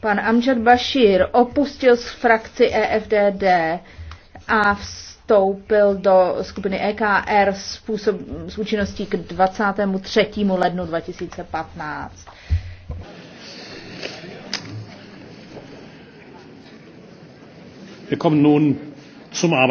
Pan Amjad Bashir opustil z frakci EFDD a vstoupil do skupiny EKR působ, s účinností k 23. lednu 2015. Wir kommen nun zum